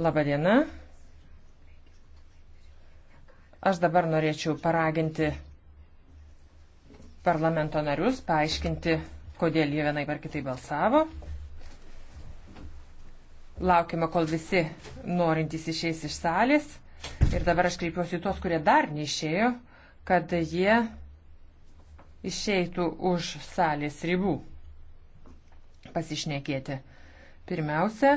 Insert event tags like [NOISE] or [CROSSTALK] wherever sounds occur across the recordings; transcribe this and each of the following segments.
Labadiena. Aš dabar norėčiau paraginti parlamento narius, paaiškinti, kodėl jie vienai par kitai balsavo. Laukime, kol visi norintys išeis iš salės. Ir dabar aš kreipiuosi tuos, kurie dar neišėjo, kad jie išeitų už salės ribų pasišnekėti. Pirmiausia,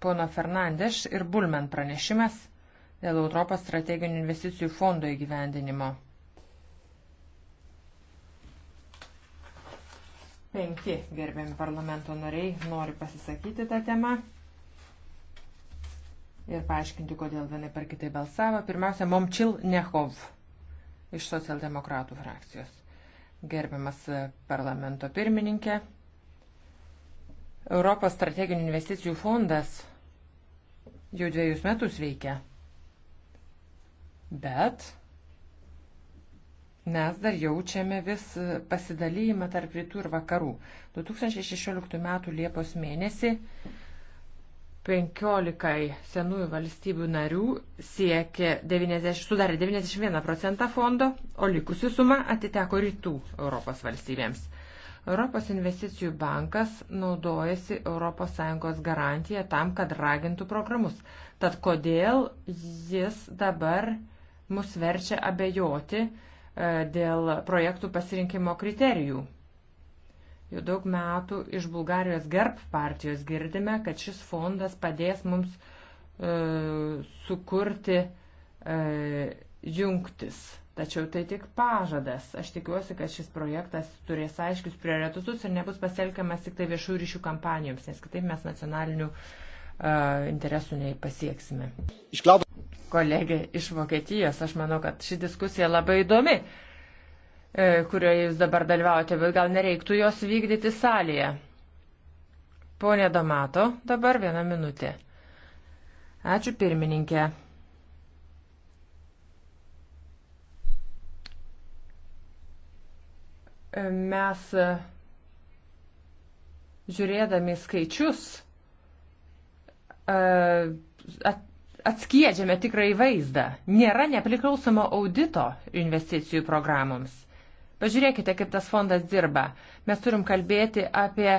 pono Fernandes ir Bulmen pranešimas dėl Europos strateginių investicijų fondo įgyvendinimo. 5 gerbiami parlamento nariai nori pasisakyti tą temą ir paaiškinti, kodėl vienai per kitai balsavo. Pirmiausia, Momčil Nehov iš socialdemokratų frakcijos. Gerbiamas parlamento pirmininkė, Europos strateginių investicijų fondas jau dviejus metus veikia. Bet mes dar jaučiame vis pasidalymą tarp rytų ir vakarų. 2016 m. Liepos mėnesį 15 senųjų valstybių narių siekė 90, sudarė 91 procentą fondo, o likusi suma atiteko rytų Europos valstybėms. Europos investicijų bankas naudojasi ES garantiją tam, kad ragintų programus. Tad kodėl jis dabar mus verčia abejoti e, dėl projektų pasirinkimo kriterijų? Jau daug metų iš Bulgarijos GERB partijos girdime, kad šis fondas padės mums e, sukurti e, jungtis Tačiau tai tik pažadas. Aš tikiuosi, kad šis projektas turės aiškius prioritetus ir nebus pasielkiamas tik tai viešų ryšių kampanijoms, nes kitaip mes nacionalinių uh, interesų nepasieksime. Išklaub... Kolegė iš Vokietijos, aš manau, kad ši diskusija labai įdomi, e, kurioje jūs dabar dalyvaujate, bet gal nereiktų jos vykdyti salėje. Pone Domato, dabar vieną minutę. Ačiū pirmininkė. mes e, žiūrėdami skaičius e, atskiedžiame tikrai vaizdą. Nėra nepriklausomo audito investicijų programoms. Pažiūrėkite, kaip tas fondas dirba. Mes turim kalbėti apie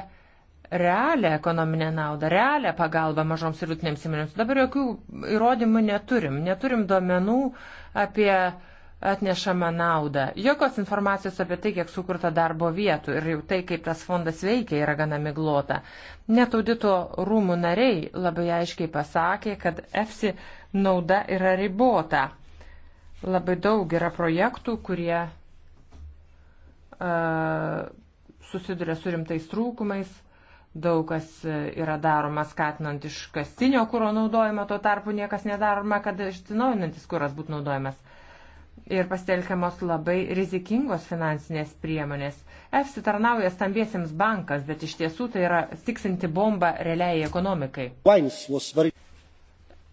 realią ekonominę naudą, realią pagalbą mažoms ir vidutinėms įmonėms. Dabar jokių įrodymų neturim. Neturim duomenų apie uh, atnešama nauda. Jokios informacijos apie tai, kiek sukurta darbo vietų ir jau tai, kaip tas fondas veikia, yra gana miglota. Net audito rūmų nariai labai aiškiai pasakė, kad EFSI nauda yra ribota. Labai daug yra projektų, kurie uh, susiduria su rimtais trūkumais, daug kas e, yra daroma skatinant iš kastinio kūro naudojimą, tuo tarpu niekas nedaroma, kad išsinaujinantis kūras būtų naudojamas ir pasitelkiamos labai rizikingos finansinės priemonės. EFSI tarnauja stambiesiems bankas, bet iš tiesų tai yra tiksinti bomba realiai ekonomikai.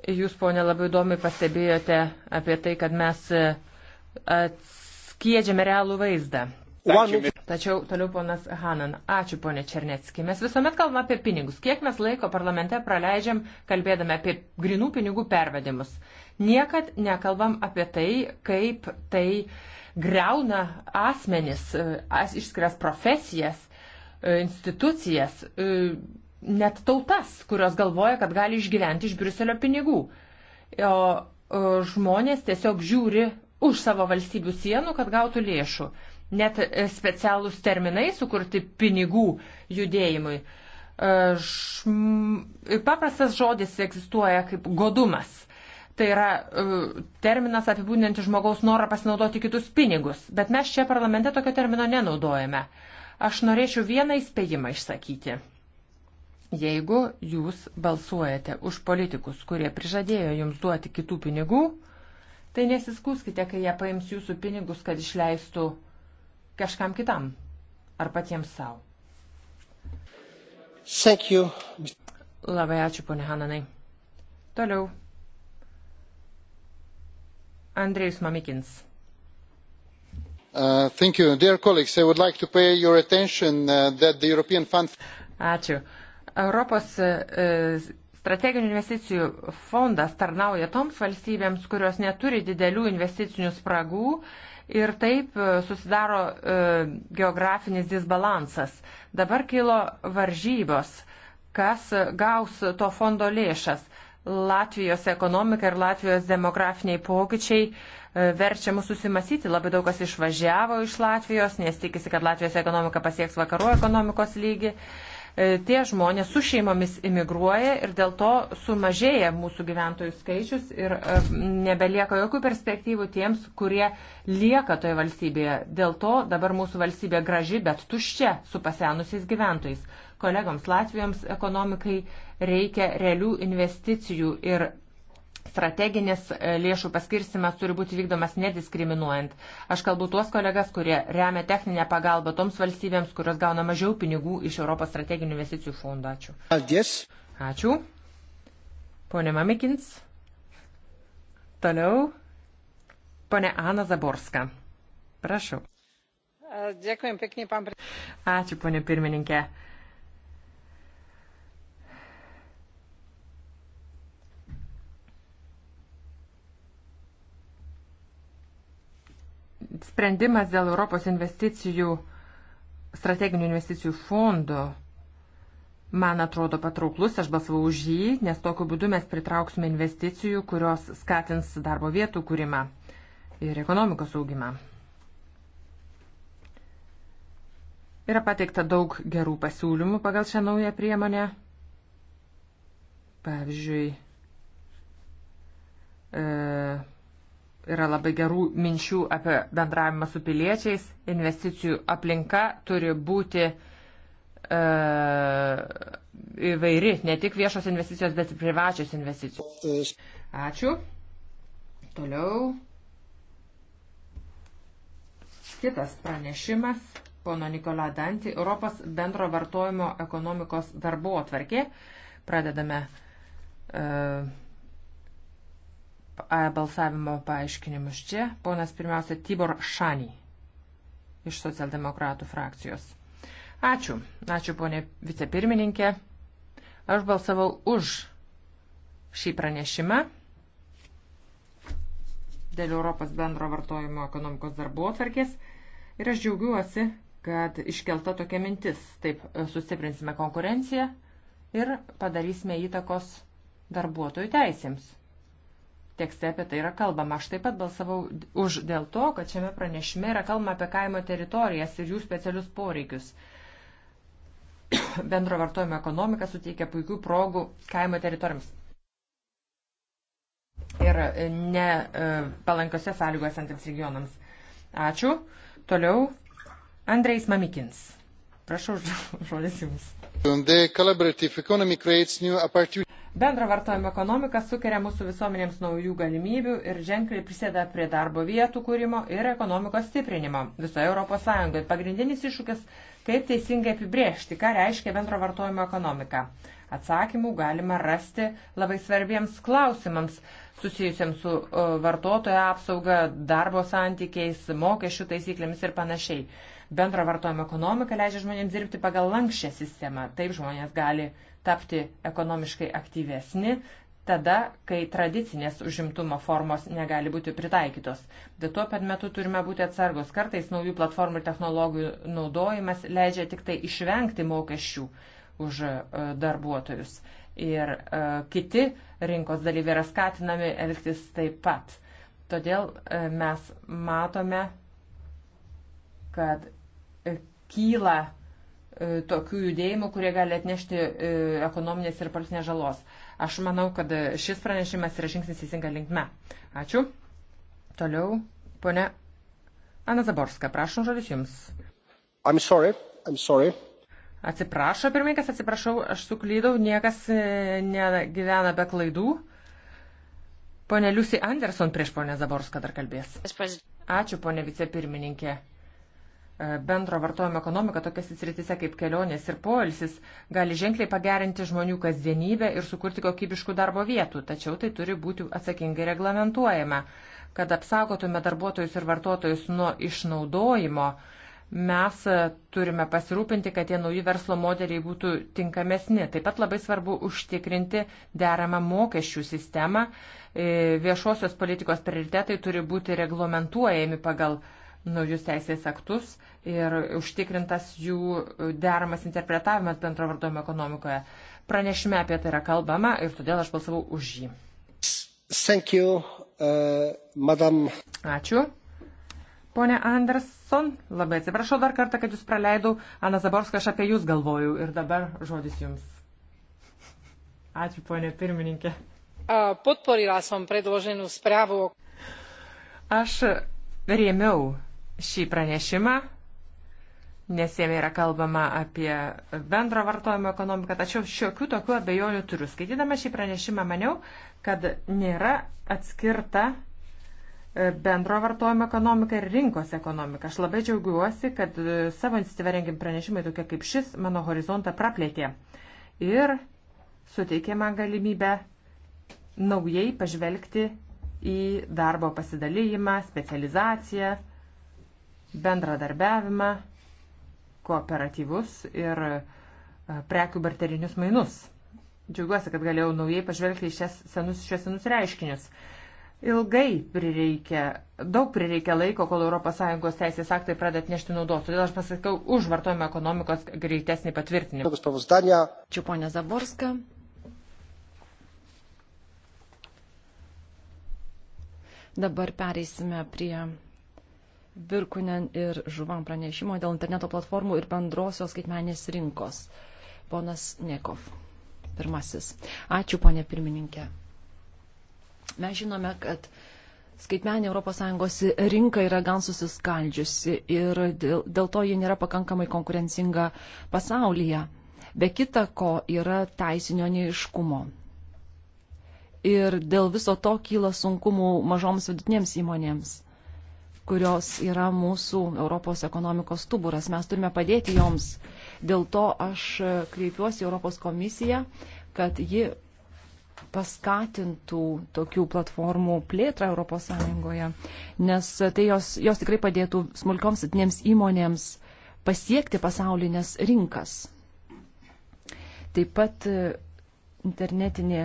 Jūs, ponė, labai įdomiai pastebėjote apie tai, kad mes e, atskiedžiame realų vaizdą. Tačiau toliau ponas Hanan, ačiū ponė Černetski. Mes visuomet kalbame apie pinigus. Kiek mes laiko parlamente praleidžiam kalbėdami apie grinų pinigų pervedimus? Niekad nekalbam apie tai, kaip tai greuna asmenis, e, as, išskiras profesijas, e, institucijas, e, net tautas, kurios galvoja, kad gali išgyventi iš Briuselio pinigų. O, o žmonės tiesiog žiūri už savo valstybių sienų, kad gautų lėšų net specialūs terminai sukurti pinigų judėjimui. E, paprastas žodis egzistuoja kaip godumas. Tai yra e, terminas apibūdinantis žmogaus norą pasinaudoti kitus pinigus, bet mes čia parlamente tokio termino nenaudojame. Aš norėčiau vieną įspėjimą išsakyti. Jeigu jūs balsuojate už politikus, kurie prižadėjo jums duoti kitų pinigų, tai nesiskūskite, kai jie paims jūsų pinigus, kad išleistų kažkam kitam ar patiems savo. Labai ačiū, ponė Hananai. Toliau. Andrėjus Mamikins. Uh, you, like attention, uh, fund... Ačiū. Europos uh, strateginių investicijų fondas tarnauja toms valstybėms, kurios neturi didelių investicinių spragų uh, ir taip e, susidaro e, geografinis disbalansas. Dabar kilo varžybos, kas gaus to fondo lėšas. Latvijos ekonomika ir Latvijos demografiniai pokyčiai e, verčia mus susimasyti. Labai daug kas išvažiavo iš Latvijos, nes tikisi, kad Latvijos ekonomika pasieks vakarų ekonomikos lygį. E, tie žmonės su šeimomis imigruoja ir dėl to sumažėja mūsų gyventojų skaičius ir e, nebelieka jokių perspektyvų tiems, kurie lieka toje valstybėje. Dėl to dabar mūsų valstybė graži, bet tuščia su pasenusiais gyventojais. Kolegoms Latvijoms ekonomikai reikia realių investicijų ir strateginis e, lėšų paskirstimas turi būti vykdomas nediskriminuojant. Aš kalbu tuos kolegas, kurie remia techninę pagalbą toms valstybėms, kurios gauna mažiau pinigų iš Europos strateginių investicijų fondo. Ačiū. Yes. Ačiū. Pone Mamikins. Toliau. Pone Ana Zaborska. Prašau. Dėkui, pekni, pam. Ačiū, pone pirmininkė. Sprendimas dėl Europos investicijų, strateginių investicijų fondo, man atrodo patrauklus, aš balsavau už jį, nes tokiu būdu mes pritrauksime investicijų, kurios skatins darbo vietų kūrimą ir ekonomikos augimą. Yra pateikta daug gerų pasiūlymų pagal šią naują priemonę. Pavyzdžiui, e, yra labai gerų minčių apie bendravimą su piliečiais. Investicijų aplinka turi būti e, įvairi, ne tik viešos investicijos, bet ir privačios investicijos. Ačiū. Toliau. Kitas pranešimas, pono Nikola Dantį, Europos bendro vartojimo ekonomikos darbo atvarkė. Pradedame. E, balsavimo paaiškinimus čia. Ponas pirmiausia Tibor Šanį iš socialdemokratų frakcijos. Ačiū. Ačiū, ponė vicepirmininkė. Aš balsavau už šį pranešimą dėl Europos bendro vartojimo ekonomikos darbo atvarkės. Ir aš džiaugiuosi, kad iškelta tokia mintis. Taip, e, sustiprinsime konkurenciją ir padarysime įtakos darbuotojų teisėms tekste apie tai yra kalbama. Aš taip pat balsavau už dėl to, kad šiame pranešime yra kalbama apie kaimo teritorijas ir jų specialius poreikius. Bendro vartojimo ekonomika suteikia puikių progų kaimo teritorijoms. Ir ne e, palankiose sąlygose antiems regionams. Ačiū. Toliau Andrejs Mamikins. Prašau [LAUGHS] žodis Jums. Bendro vartojimo ekonomika sukeria mūsų visuomenėms naujų galimybių ir ženkliai prisėda prie darbo vietų kūrimo ir ekonomikos stiprinimo visoje Europos Sąjungoje. Pagrindinis iššūkis - kaip teisingai apibriežti, ką reiškia bendro vartojimo ekonomika. Atsakymų galima rasti labai svarbiems klausimams susijusiems su vartotojo apsauga, darbo santykiais, mokesčių taisyklėmis ir panašiai. Bendro vartojimo ekonomika leidžia žmonėms dirbti pagal lankščią sistemą. Taip žmonės gali tapti ekonomiškai aktyvesni, tada, kai tradicinės užimtumo formos negali būti pritaikytos. Bet tuo pat metu turime būti atsargus. Kartais naujų platformų ir technologijų naudojimas leidžia tik tai išvengti mokesčių už e, darbuotojus. Ir e, kiti rinkos dalyviai yra skatinami elgtis taip pat. Todėl e, mes matome, kad kyla e, tokių judėjimų, kurie gali atnešti e, ekonominės ir politinės žalos. Aš manau, kad šis pranešimas yra žingsnis įsinga linkme. Ačiū. Toliau, ponė Ana Zaborska, prašom žodis jums. I'm sorry, I'm sorry. Atsiprašo, pirmininkas, atsiprašau, aš suklydau, niekas e, negyvena be klaidų. Pone Liusi Anderson prieš ponę Zaborską dar kalbės. Ačiū, ponė vicepirmininkė. E, bendro vartojimo ekonomika tokiasi sritise kaip kelionės ir poilsis gali ženkliai pagerinti žmonių kasdienybę ir sukurti kokybiškų darbo vietų, tačiau tai turi būti atsakingai reglamentuojama. Kad apsaugotume darbuotojus ir vartotojus nuo išnaudojimo, mes e, turime pasirūpinti, kad tie nauji verslo modeliai būtų tinkamesni. Taip pat labai svarbu užtikrinti deramą mokesčių sistemą. E, viešosios politikos prioritetai turi būti reglamentuojami pagal naujus teisės aktus ir užtikrintas jų deramas interpretavimas bendro vartojimo ekonomikoje. Pranešime apie tai yra kalbama ir todėl aš balsavau už jį. Thank you, uh, madam. Ačiū. Pone Anderson, labai atsiprašau dar kartą, kad jūs praleidau. Ana Zaborska, aš apie jūs galvojau ir dabar žodis jums. Ačiū, ponė pirmininkė. Podporila som predloženú správu. Aš rėmiau šį pranešimą, nes jame yra kalbama apie bendro vartojimo ekonomiką, tačiau šiokių tokių abejonių turiu. Skaitydama šį pranešimą maniau, kad nėra atskirta e, bendro vartojimo ekonomika ir rinkos ekonomika. Aš labai džiaugiuosi, kad e, savo iniciatyvą rengim pranešimai tokie kaip šis mano horizontą praplėtė ir suteikė man galimybę naujai pažvelgti į darbo pasidalyjimą, specializaciją, bendradarbiavimą, kooperatyvus ir e, prekių barterinius mainus. Džiaugiuosi, kad galėjau naujai pažvelgti į šias senus, šios senus reiškinius. Ilgai prireikia, daug prireikia laiko, kol ES teisės aktai pradeda atnešti naudos. Todėl aš pasakiau už vartojimo ekonomikos greitesnį patvirtinimą. Čia ponė Zaborska. Dabar pereisime prie Birkunen ir Žuvan pranešimo dėl interneto platformų ir bendrosios skaitmenės rinkos. Ponas Nekov, pirmasis. Ačiū, ponė pirmininkė. Mes žinome, kad skaitmenė ES rinka yra gan susiskaldžiusi ir dėl, dėl to ji nėra pakankamai konkurencinga pasaulyje. Be kita ko yra teisinio neiškumo. Ir dėl viso to kyla sunkumų mažoms vidutinėms įmonėms kurios yra mūsų Europos ekonomikos stuburas. Mes turime padėti joms. Dėl to aš kreipiuosi Europos komisiją, kad ji paskatintų tokių platformų plėtrą ES, nes tai jos, jos tikrai padėtų smulkioms atinėms įmonėms pasiekti pasaulinės rinkas. Taip pat internetinė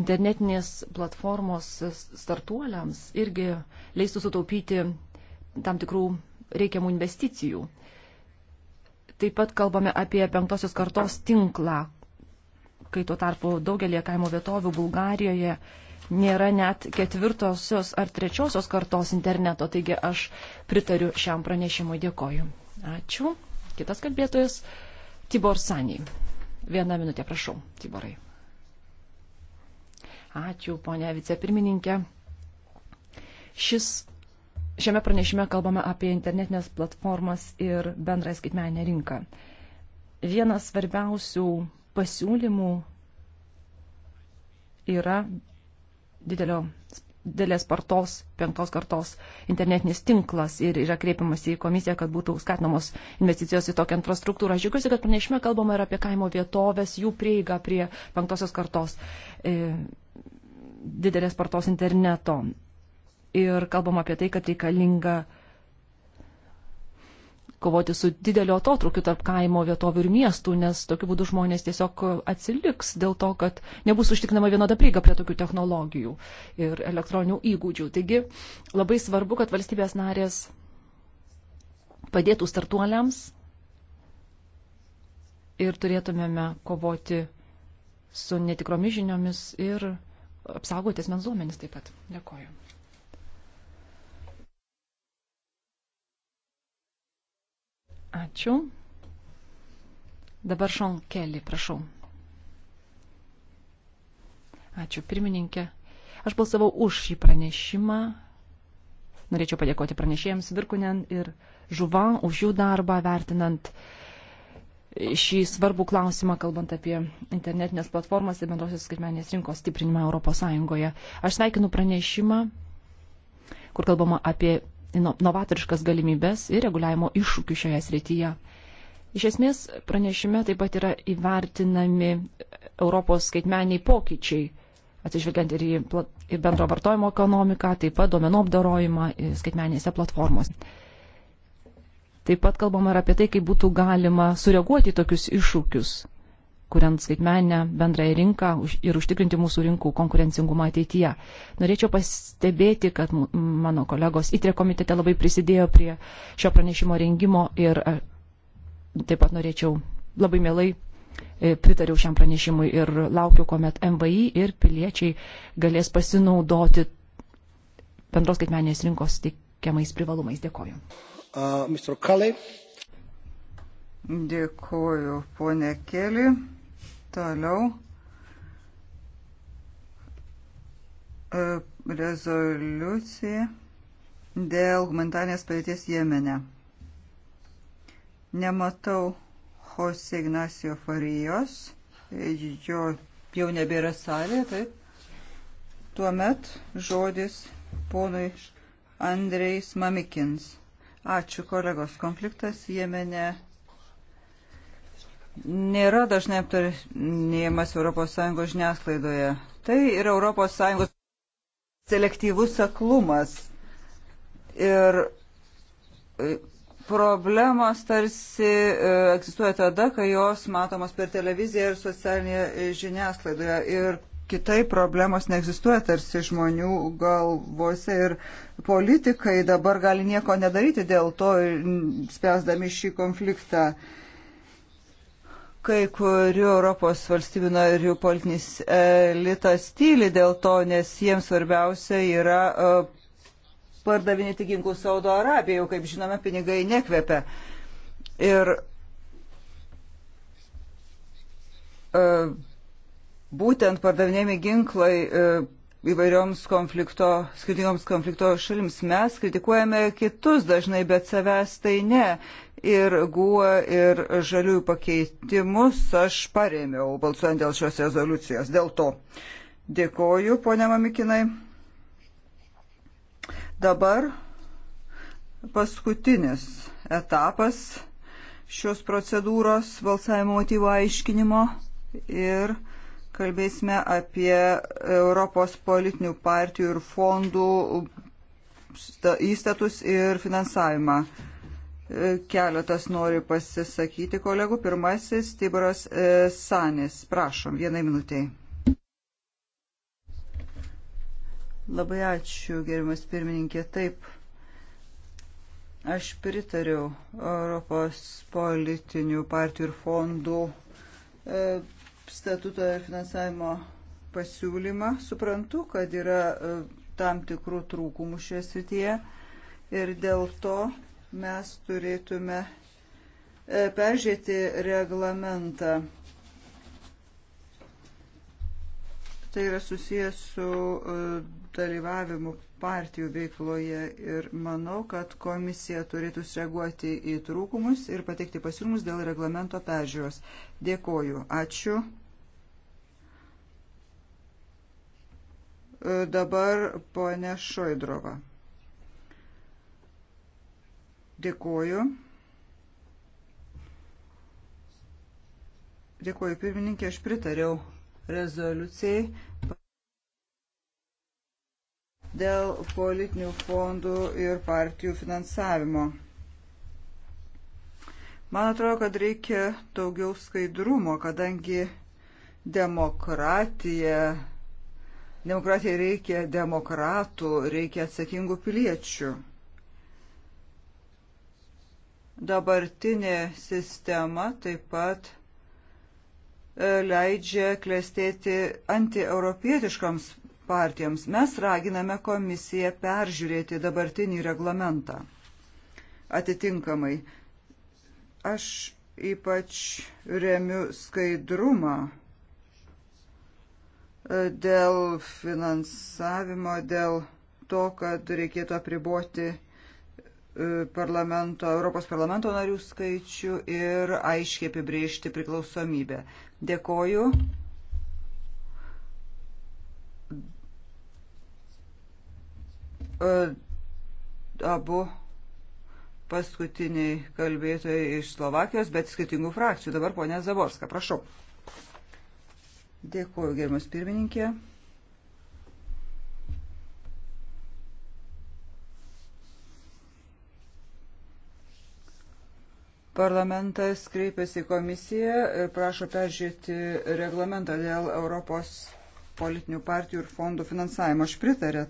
internetinės platformos startuoliams irgi leistų sutaupyti tam tikrų reikiamų investicijų. Taip pat kalbame apie penktosios kartos tinklą, kai tuo tarpu daugelie kaimo vietovių Bulgarijoje nėra net ketvirtosios ar trečiosios kartos interneto, taigi aš pritariu šiam pranešimui, dėkoju. Ačiū. Kitas kalbėtojas Tibor Saniai. Vieną minutę, prašau, Tiborai. Ačiū, ponia vicepirmininkė. Šis, šiame pranešime kalbame apie internetinės platformas ir bendrąją skaitmeninę rinką. Vienas svarbiausių pasiūlymų yra didelio, didelės spartos penktos kartos internetinis tinklas ir yra kreipiamas į komisiją, kad būtų skatinamos investicijos į tokią infrastruktūrą. Aš džiaugiuosi, kad pranešime kalbama ir apie kaimo vietovės, jų prieigą prie penktosios kartos e, didelės spartos interneto. Ir kalbam apie tai, kad reikalinga kovoti su dideliu atotrukiu tarp kaimo vietovių ir miestų, nes tokiu būdu žmonės tiesiog atsiliks dėl to, kad nebus užtikrinama vienoda prieiga prie tokių technologijų ir elektroninių įgūdžių. Taigi labai svarbu, kad valstybės narės padėtų startuoliams ir turėtumėme kovoti su netikromis žiniomis ir apsaugoti asmens duomenis taip pat. Dėkoju. Ačiū. Dabar Šon Kelly, prašau. Ačiū, pirmininkė. Aš balsavau už šį pranešimą. Norėčiau padėkoti pranešėjams Virkunen ir Žuvan už jų darbą vertinant uh, šį svarbų klausimą, kalbant apie internetinės platformas ir bendrosios skaitmenės rinkos stiprinimą ES. Aš sveikinu pranešimą, kur kalbama apie novatoriškas galimybės ir reguliavimo iššūkių šioje srityje. Iš esmės, pranešime taip pat yra įvertinami Europos skaitmeniai pokyčiai, atsižvelgiant ir į bendro vartojimo ekonomiką, taip pat duomenų apdarojimą skaitmenėse platformose. Taip pat kalbama ir apie tai, kaip būtų galima sureaguoti į tokius iššūkius, kuriant skaitmenę bendrąją rinką ir užtikrinti mūsų rinkų konkurencingumą ateityje. Norėčiau pastebėti, kad mano kolegos įtrė komitete labai prisidėjo prie šio pranešimo rengimo ir e, taip pat norėčiau labai mielai e, pritariau šiam pranešimui ir laukiu, kuomet MVI ir piliečiai galės pasinaudoti bendros skaitmenės rinkos teikiamais privalumais. Dėkoju. Uh, Mr. Kelly. Dėkuoju, ponė Keli. Toliau. Uh, rezoliucija dėl humanitarnės padėties Jemene. Nematau Jose Ignacio Farijos. Jo jau nebėra salėje, taip. Tuomet žodis ponui Andrejs Mamikins. Ačiū, kolegos. Konfliktas Jemene nėra dažnai aptarinėjimas ES žiniasklaidoje. Tai yra ES selektyvus aklumas. Ir e, problemos tarsi e, egzistuoja tada, kai jos matomos per televiziją ir socialinėje žiniasklaidoje. Ir kitai problemos neegzistuoja tarsi žmonių galvose ir politikai dabar gali nieko nedaryti dėl to, spręsdami šį konfliktą. Kai kurių Europos valstybių narių politinis elitas tyli dėl to, nes jiems svarbiausia yra e, pardavinėti ginklus Saudo Arabijai, jau kaip žinome, pinigai nekvepia. Ir uh, būtent pardavinėjami ginklai e, įvairioms konflikto, skirtingoms konflikto šalims. Mes kritikuojame kitus dažnai, bet savęs tai ne. Ir guo ir žaliųjų pakeitimus aš paremiau balsuojant dėl šios rezoliucijos. Dėl to dėkoju, ponia Mamikinai. Dabar paskutinis etapas šios procedūros balsavimo motyvo aiškinimo ir Kalbėsime apie Europos politinių partijų ir fondų įstatus ir finansavimą. E, keletas nori pasisakyti kolegų. Pirmasis Tiboras e, Sanis. Prašom, vienai minutiai. Labai ačiū, gerimas pirmininkė. Taip, aš pritariu Europos politinių partijų ir fondų e, statuto ir finansavimo pasiūlymą. Suprantu, kad yra e, tam tikrų trūkumų šioje srityje ir dėl to mes turėtume e, peržiūrėti reglamentą. Tai yra susijęs su e, dalyvavimu partijų veikloje ir manau, kad komisija turėtų sureaguoti į trūkumus ir pateikti pasiūlymus dėl reglamento peržiūros. Dėkoju. Ačiū. Dabar ponė Šoidrova. Dėkuoju. Dėkuoju pirmininkė, aš pritariau rezoliucijai dėl politinių fondų ir partijų finansavimo. Man atrodo, kad reikia daugiau skaidrumo, kadangi demokratija Demokratijai reikia demokratų, reikia atsakingų piliečių. Dabartinė sistema taip pat e, leidžia klestėti antieuropietiškoms partijoms. Mes raginame komisiją peržiūrėti dabartinį reglamentą. Atitinkamai, aš ypač remiu skaidrumą dėl finansavimo, dėl to, kad reikėtų apriboti e, parlamento, Europos parlamento narių skaičių ir aiškiai apibriežti priklausomybę. Dėkoju. E, abu paskutiniai kalbėtojai iš Slovakijos, bet skirtingų frakcijų. Dabar ponia Zaborska, prašau. Dėkuoju, gerimas pirmininkė. Parlamentas kreipėsi į komisiją ir prašo peržiūrėti reglamentą dėl Europos politinių partijų ir fondų finansavimo. Aš pritarė,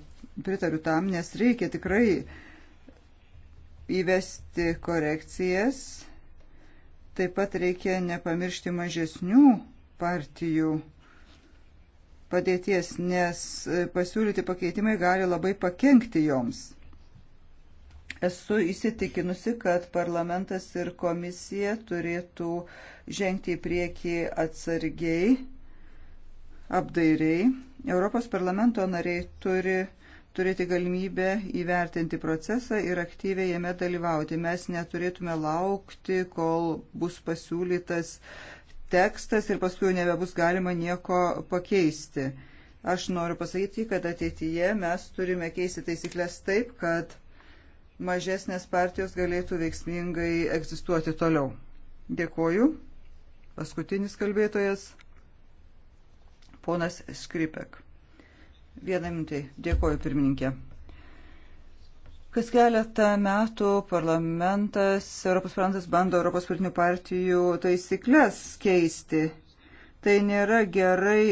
pritariu tam, nes reikia tikrai įvesti korekcijas. Taip pat reikia nepamiršti mažesnių partijų padėties, nes e, pasiūlyti pakeitimai gali labai pakengti joms. Esu įsitikinusi, kad parlamentas ir komisija turėtų žengti į priekį atsargiai, apdairiai. Europos parlamento nariai turi turėti galimybę įvertinti procesą ir aktyviai jame dalyvauti. Mes neturėtume laukti, kol bus pasiūlytas uh, tekstas ir paskui nebebus galima nieko pakeisti. Aš noriu pasakyti, kad ateityje mes turime keisti taisyklės taip, kad mažesnės partijos galėtų veiksmingai egzistuoti toliau. Dėkoju. Paskutinis kalbėtojas ponas Skripek. Vieną minutę. Dėkoju, pirmininkė. Kas keletą metų parlamentas, Europos parlamentas bando Europos politinių partijų taisyklės keisti. Tai nėra gerai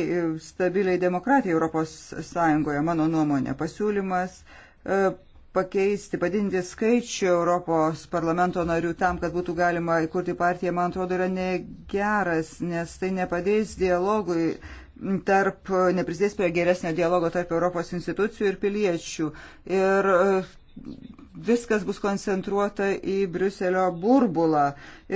stabiliai demokratija Europos Sąjungoje, mano nuomonė. Pasiūlymas e, pakeisti, padinti skaičių Europos parlamento narių tam, kad būtų galima įkurti partiją, man atrodo, yra negeras, nes tai nepadės dialogui tarp, neprisidės prie geresnio dialogo tarp Europos institucijų ir piliečių. Ir e, viskas bus koncentruota į Briuselio burbulą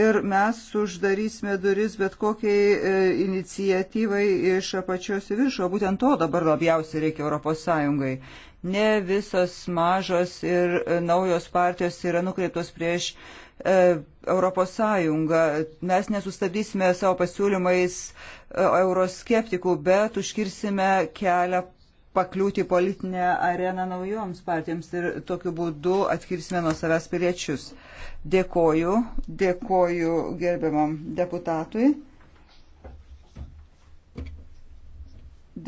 ir mes uždarysime duris bet kokiai e, inicijatyvai iš apačios į viršų, o būtent to dabar labiausiai reikia Europos Sąjungai. Ne visos mažos ir e, naujos partijos yra nukreiptos prieš e, Europos Sąjungą. Mes nesustabdysime savo pasiūlymais euroskeptikų, bet užkirsime kelią pakliūti politinę areną naujoms partijoms ir tokiu būdu atskirsime nuo savęs piliečius. Dėkoju, dėkoju gerbiamam deputatui.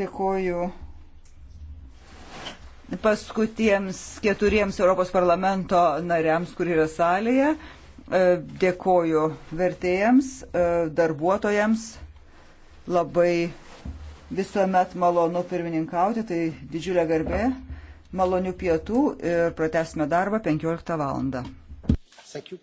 Dėkoju paskutiems keturiems Europos parlamento nariams, kur yra salėje. E, dėkoju vertėjams, e, darbuotojams. Labai Visuomet malonu pirmininkauti, tai didžiulė garbė. Malonių pietų ir pratesime darbą 15 val. Sakiau.